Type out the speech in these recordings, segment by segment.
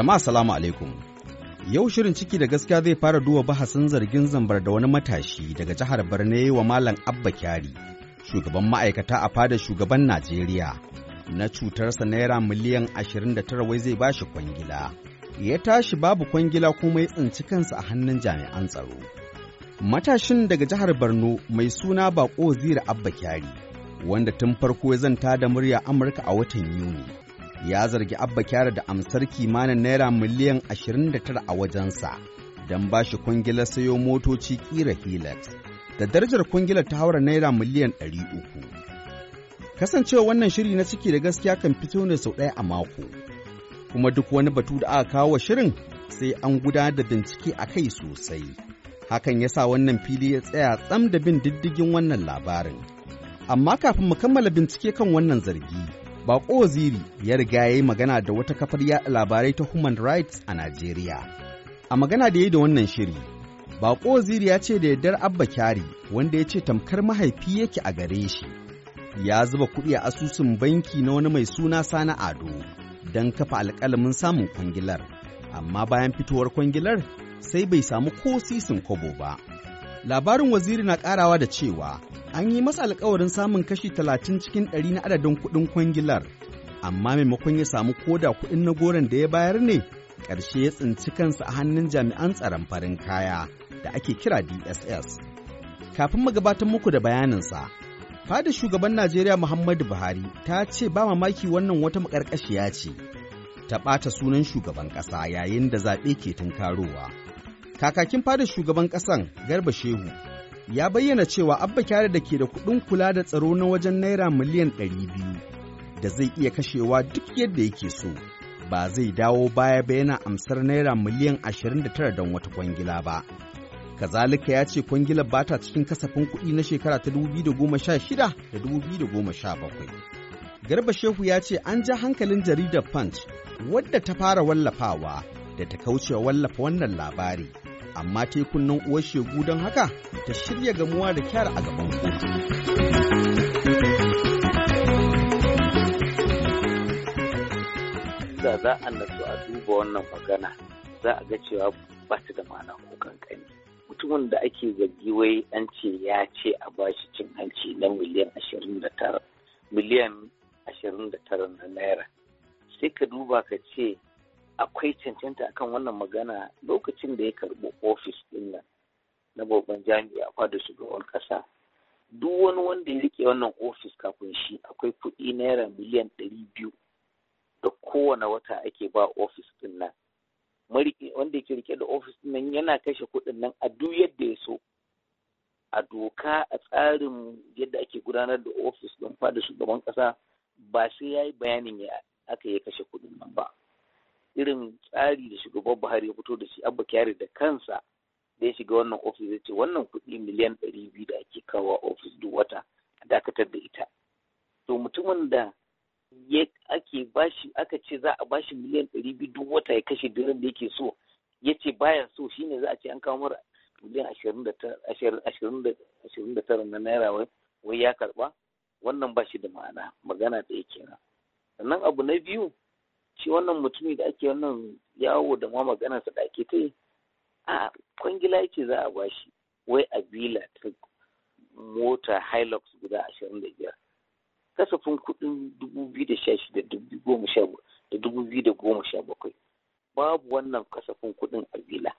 Jama'a salamu alaikum. Yau shirin ciki da gaskiya zai fara duba bahasin zargin zambar da wani matashi daga jihar Borno wa Malam Abba Kyari, shugaban ma'aikata a fada shugaban Najeriya. Na cutarsa naira miliyan ashirin 29 wai zai ba shi kwangila. Ya tashi babu kwangila kuma ya tsinci kansa a hannun jami'an tsaro. Matashin daga jihar Borno mai suna Bako Zira Abba Kyari, wanda tun farko ya zanta da murya Amurka a watan Yuni. ya zargi abba kyara da amsar kimanin naira miliyan 29 a wajensa don ba shi kwangilar sayo motoci kira hilux da darajar kwangilar ta haura naira miliyan 300 kasancewa wannan shiri na ciki da gaskiya kan fito ne sau ɗaya a mako kuma duk wani batu da aka kawo shirin sai an gudanar da bincike a kai sosai hakan ya sa wannan fili ya tsaya tsam da bin diddigin wannan labarin amma kafin mu kammala bincike kan wannan zargi Bako Waziri ya riga ya yi magana da wata kafar yaɗa labarai ta Human Rights a Najeriya. A magana da ya yi da wannan shiri, Bako Waziri ya ce da yardar Abba Kyari wanda ya ce tamkar mahaifi yake a gare shi. Ya zuba kuɗi a asusun banki na wani mai suna Sani Ado don kafa alƙalamin samun kwangilar, amma bayan fitowar kwangilar sai bai samu ko sisin kobo ba. Labarin waziri na ƙarawa da cewa an yi masa alkawarin samun kashi talatin cikin ɗari na adadin kuɗin kwangilar, amma maimakon ya samu koda kuɗin na goron da ya bayar ne, ƙarshe ya tsinci kansa a hannun jami'an tsaron farin kaya da ake kira DSS. Kafin magabatan muku da bayaninsa, fada shugaban Najeriya Muhammadu Buhari ta ce ba mamaki wannan wata makarƙashiya ce, ta ɓata sunan shugaban ƙasa yayin da zaɓe ke tunkarowa. Kakakin fadar shugaban kasan, Garba Shehu ya bayyana cewa abba kyare da ke da kuɗin kula da tsaro na wajen naira miliyan ɗari biyu da zai iya kashewa duk yadda yake so ba zai dawo baya ba yana amsar naira miliyan ashirin da tara don wata kwangila ba. kazalika ya ce kwangilar ba ta cikin kasafin kuɗi na shekara ta 2016 da 2017. Garba Shehu ya ce an ja hankalin jaridar Punch wadda ta fara wallafawa da ta kauce wallafa wannan labari amma tekun nan uwar shegu don haka ta shirya gamuwa da kyara a gaban kotu. Da za a nasu a duba wannan magana za a ga cewa ba su da ma'ana ko kankani. Mutumin da ake zargi wai an ce ya ce a bashi cin hanci na miliyan ashirin da tara. Miliyan ashirin da tara na naira. Sai ka duba ka ce akwai cancanta akan wannan magana lokacin da ya karɓi ofis din nan na babban jami'a da shugaban ƙasa duk wani wanda ya rike wannan ofis kafin shi akwai kuɗi naira miliyan ɗari biyu da kowane wata ake ba ofis ɗin nan wanda yake rike da ofis ɗin nan yana kashe kuɗin nan a duk yadda ya so a doka a tsarin yadda ake gudanar da ofis ɗin fada shugaban ƙasa ba sai ya yi bayanin ya aka yi kashe kuɗin nan ba irin tsari da shugaban buhari ya fito da shi abba kyari da kansa da ya shiga wannan ofis ya ce wannan kuɗi miliyan ɗari biyu da ake kawo ofis duk wata a dakatar da ita to mutumin da ya ake bashi aka ce za a bashi miliyan ɗari biyu duk wata ya kashe diran da yake so ya ce baya so shine za a ce an kawo mara miliyan ashirin da tara na naira wai ya karɓa? wannan ba shi da ma'ana magana da yake nan sannan abu na biyu shi wannan mutumi da ake wannan yawo da ma sa da ake tai a kwangila yake za a bashi wai a bila ta mota hilux guda ashirin da biyar kasafin kudin dubu biyu da sha shida da dubu biyu da goma sha bakwai babu wannan kasafin kudin a bila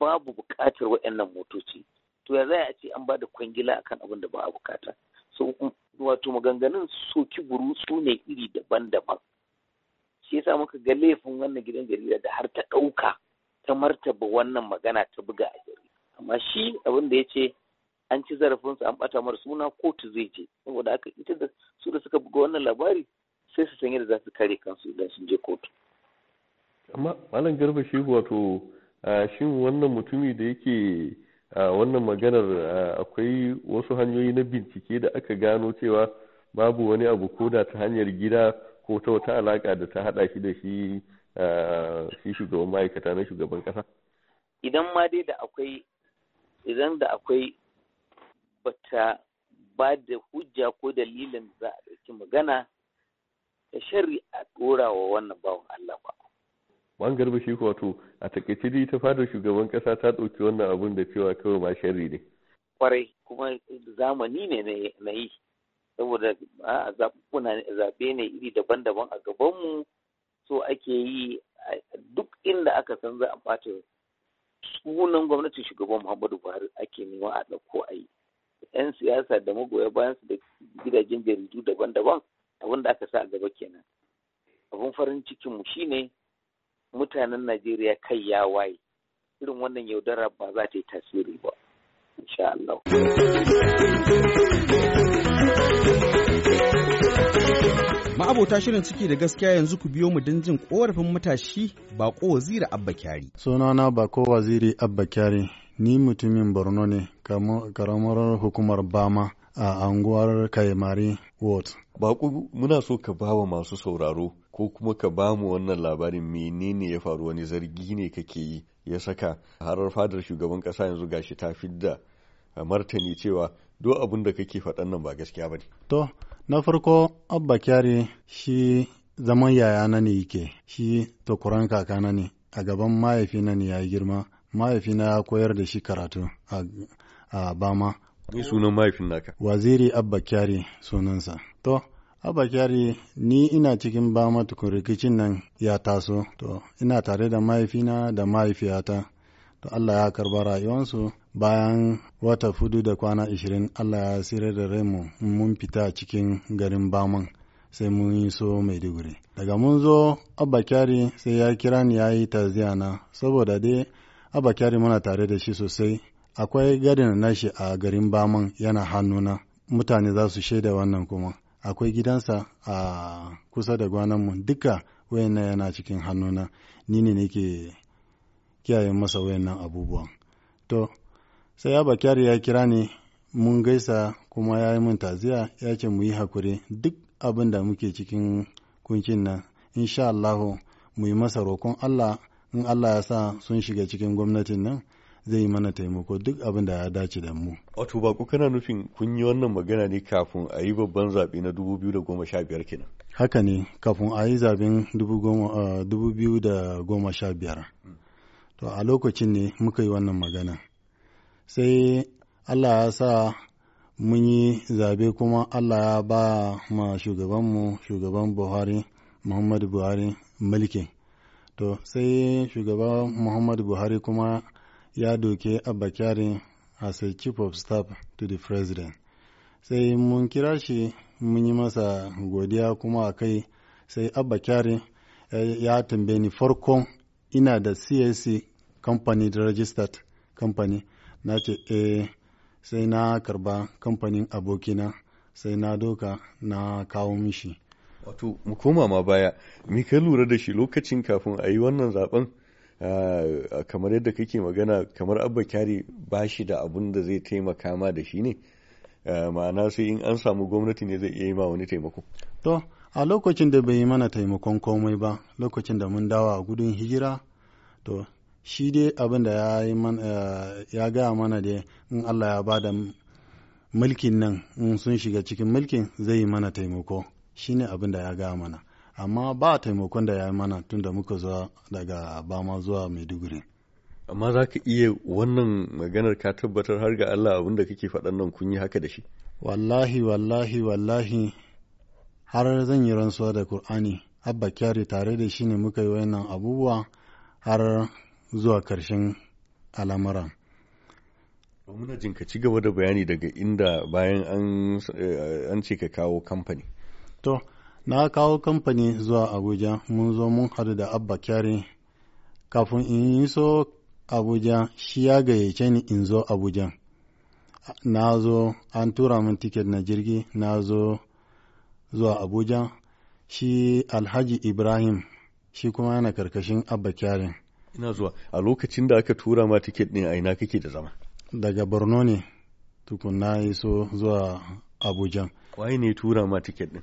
babu bukatar waɗannan motoci to ya za a ce an ba da kwangila akan abin da ba a bukata so wato maganganun soki burutsu ne iri daban-daban shi yasa muka ga laifin wannan gidan jarida da har ta ɗauka ta martaba wannan magana ta buga a jarida amma shi abin da ya ce an ci zarafin su an ɓata mara suna kotu zai je saboda haka ita da su da suka buga wannan labari sai su san yadda za su kare kansu idan sun je kotu amma malam garba shi wato shin wannan mutumi da yake wannan maganar akwai wasu hanyoyi na bincike da aka gano cewa babu wani abu koda ta hanyar gida ko ta wata alaƙa da ta haɗa shi da shi shi shugaban ma'aikata na shugaban ƙasa? idan ma dai da akwai idan da akwai bata ba da hujja ko dalilin za a ɗauki magana da shari a ɗora wa wannan bawan Allah ba. Ban garba shi ko wato a takaice dai ta fadar shugaban ƙasa ta ɗauki wannan abun da cewa kawai ma shari ne. Kwarai kuma zamani ne na yi. saboda zaɓe ne iri daban-daban a gabanmu so ake yi duk inda aka san za a ɓata sunan gwamnatin shugaban muhammadu buhari ake nema a ɗauko a yi yan siyasa da magoya bayan su da gidajen jaridu daban-daban abin da aka sa a gaba kenan abin farin cikin mu shine mutanen najeriya kai ya waye irin wannan yaudara ba za ta yi tasiri ba insha Allah. abota shirin ciki da gaskiya yanzu ku biyo mu don jin korafin matashi Bako Waziri Abba Kyari. Sunana Bako Waziri Abba Kyari, ni mutumin Borno ne, karamar hukumar Bama a anguwar Kaimari Ward. Bako muna so ka ba wa masu sauraro ko kuma ka ba mu wannan labarin menene ya faru wani zargi ne kake yi ya saka harar fadar shugaban kasa yanzu gashi ta fidda martani cewa duk abun da kake faɗan nan ba gaskiya ba ne. To, Na farko, Abba Kyari shi zaman yaya na ne yake, shi kaka na ne, a gaban na ne ya yi girma, mahaifi na ya koyar da shi karatu a Bama. Ni sunan mahaifin naka? Waziri Abba Kyari sunansa. To, Abba Kyari ni ina cikin Bama tukun rikicin nan ya taso, to ina tare da mahaifina da mahaifiyata, to Allah ya karba rayuwansu bayan wata hudu da kwana ashirin allah ya tsira da raimu mun fita cikin garin baman sai mun yi so maiduguri daga mun zo abba kyari sai ya kira ni ya yi na saboda dai abba kyari muna tare da shi sosai akwai gadin nashi a garin baman yana hannuna mutane za su shaida wannan kuma akwai gidansa a kusa da gwananmu duka wayannan yana cikin hannuna ni ne nake kiyaye masa wayannan abubuwan to sai bakari ya kira ni mun gaisa kuma ya yi mun taziya ya ce mu yi hakuri duk abin da muke cikin kuncin nan insha Allahu mu yi masa roƙon Allah in Allah ya sa sun shiga cikin gwamnatin nan zai yi mana taimako duk abin da ya dace da mu. Wato ba ku kana nufin kun yi wannan magana ne kafin a yi babban zaɓe na 2015 kenan. Haka ne kafin a yi zaɓen 2015. Hmm. To a lokacin ne muka yi wannan magana. sai Allah ya sa mun yi zabe kuma Allah ya ba ma shugabanmu shugaban Buhari Muhammadu Buhari mulkin. To sai shugaban Muhammadu Buhari kuma ya doke Abba Kyari as a chief of staff to the president. Sai mun kira shi mun yi masa godiya kuma a kai sai Abba Kyari eh, ya tambaye ni farkon ina da CSC company registered. kamfani na ce eh sai na karba kamfanin abokina sai na doka na kawo mishi wato mu koma ma baya me ka lura da shi lokacin kafin a yi wannan zaben ah, kamar yadda kake magana kamar abba kyari ba shi da abun da zai taimaka ma da shi ne ah, ma'ana sai in an samu gwamnati ne zai iya yi ma wani taimako to a lokacin da bai yi mana taimakon komai ba lokacin da mun dawa gudun hijira to shi dai abin da eh, ya gaya mana dai in Allah ya ba da mulkin nan in sun shiga cikin mulkin zai yi mana taimako shi ne abin da ya gaya mana amma ba taimakon da ya yi mana tun da muka zuwa daga bama zuwa maiduguri amma za ka iya wannan maganar ka tabbatar har ga Allah abin da kake faɗan nan kun yi haka da shi wallahi wallahi wallahi har zan yi rantsuwa da Kur'ani abba kyari tare da shi ne muka yi wannan abubuwa har zuwa ƙarshen al'amuran. muna jin ka ci gaba da bayani daga inda bayan an ce ka kawo kamfani. To, na kawo kamfani zuwa Abuja mun zo mun haɗu da Abba Kyari kafin in yi so Abuja shi ya gayyace ni in zo Abuja. Na zo an tura min tiket na jirgi na zo zuwa Abuja shi Alhaji Ibrahim shi kuma yana karkashin Abba Kyari ina zuwa a lokacin da aka tura ma tiket ɗin a ina kake da zama daga borno ne tukunna iso zuwa abuja waye ne tura ma tiket ɗin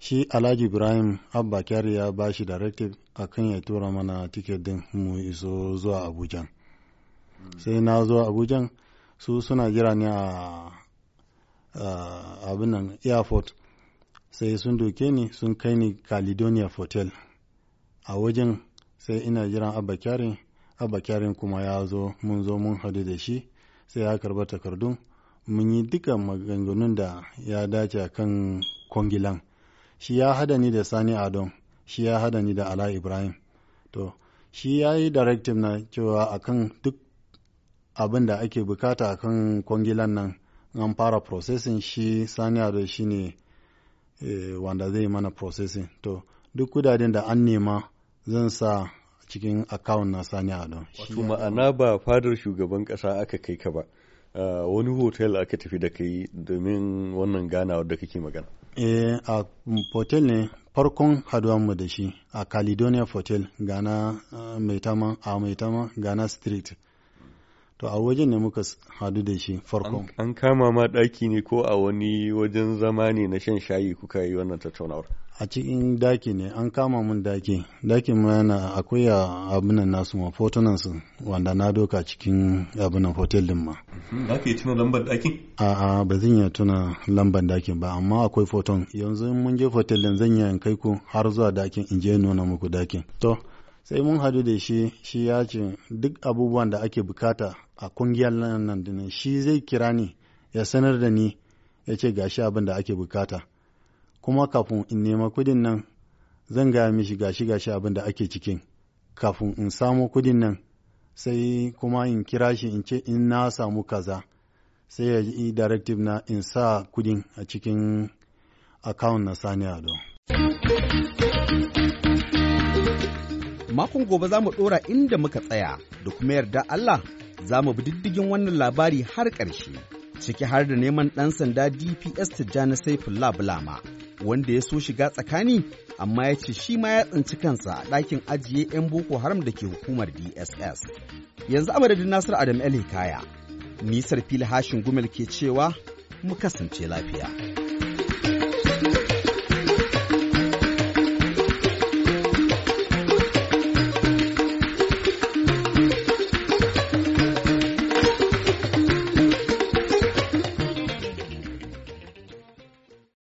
shi alhaji ibrahim abba kyari ya ba shi directive a kan ya tura mana tiket din mu iso zuwa abuja sai na zuwa abuja su suna jira ne a abin nan airport sai sun doke ni sun kai ni caledonia hotel a wajen sai ina jiran abba kyarin abba kyarin kuma ya zo mun zo mun haɗu da shi sai ya karba takardun mun yi duka maganganun da ya dace kan kwangilan shi ya hada ni da sani adon shi ya hada ni da ala ibrahim to shi ya yi directive na cewa akan duk abin da ake bukata akan kwangilan nan an fara processing shi sani adon shi ne eh, wanda zai mana processing to duk kudaden da an nema zan sa cikin akawun na sani ado wato ma'ana ba fadar shugaban kasa aka kai ka ba wani hotel aka tafi da kai domin wannan ganawa da kake magana eh a hotel mm, ne farkon mu da shi a caledonia hotel gana maitama a maitama gana street to a wajen ne muka hadu da shi farkon an kama ma ɗaki ne ko a wani wajen zama ne na shan shayi kuka yi wannan tattaunawar a cikin daki ne an kama mun daki daki ma yana akwai abunan nasu ma fotunan su wanda na doka cikin abunan hotel din ma Da mhm. ka tuna lambar dakin a'a ba zan iya tuna lambar daki ba amma akwai foton yanzu mun je hotel din zan iya kai ku har zuwa dakin in je nuna muku dakin to sai mun hadu da shi shi ya ce duk abubuwan da ake bukata a kungiyar nan shi zai kira ni ya sanar da ni ya ce gashi abin da ake bukata kuma kafin in nema kudin nan zan gaya mishi gashi gashi abin da ake cikin kafin in samo kudin nan sai kuma in kira shi in ce in na samu kaza sai ya yi directive na in sa kudin a cikin account na sani ado makon gobe za mu ɗora inda muka tsaya da kuma yarda Allah za mu bi diddigin wannan labari har ƙarshe ciki har da neman ɗan sanda dps tijjani saifullah bulama wanda ya so shiga tsakani amma ya ce shi ma ya tsinci kansa a ɗakin ajiye 'yan boko haram da ke hukumar dss yanzu a madadin nasir adam kaya nisar fili hashin gumel ke cewa mu kasance lafiya.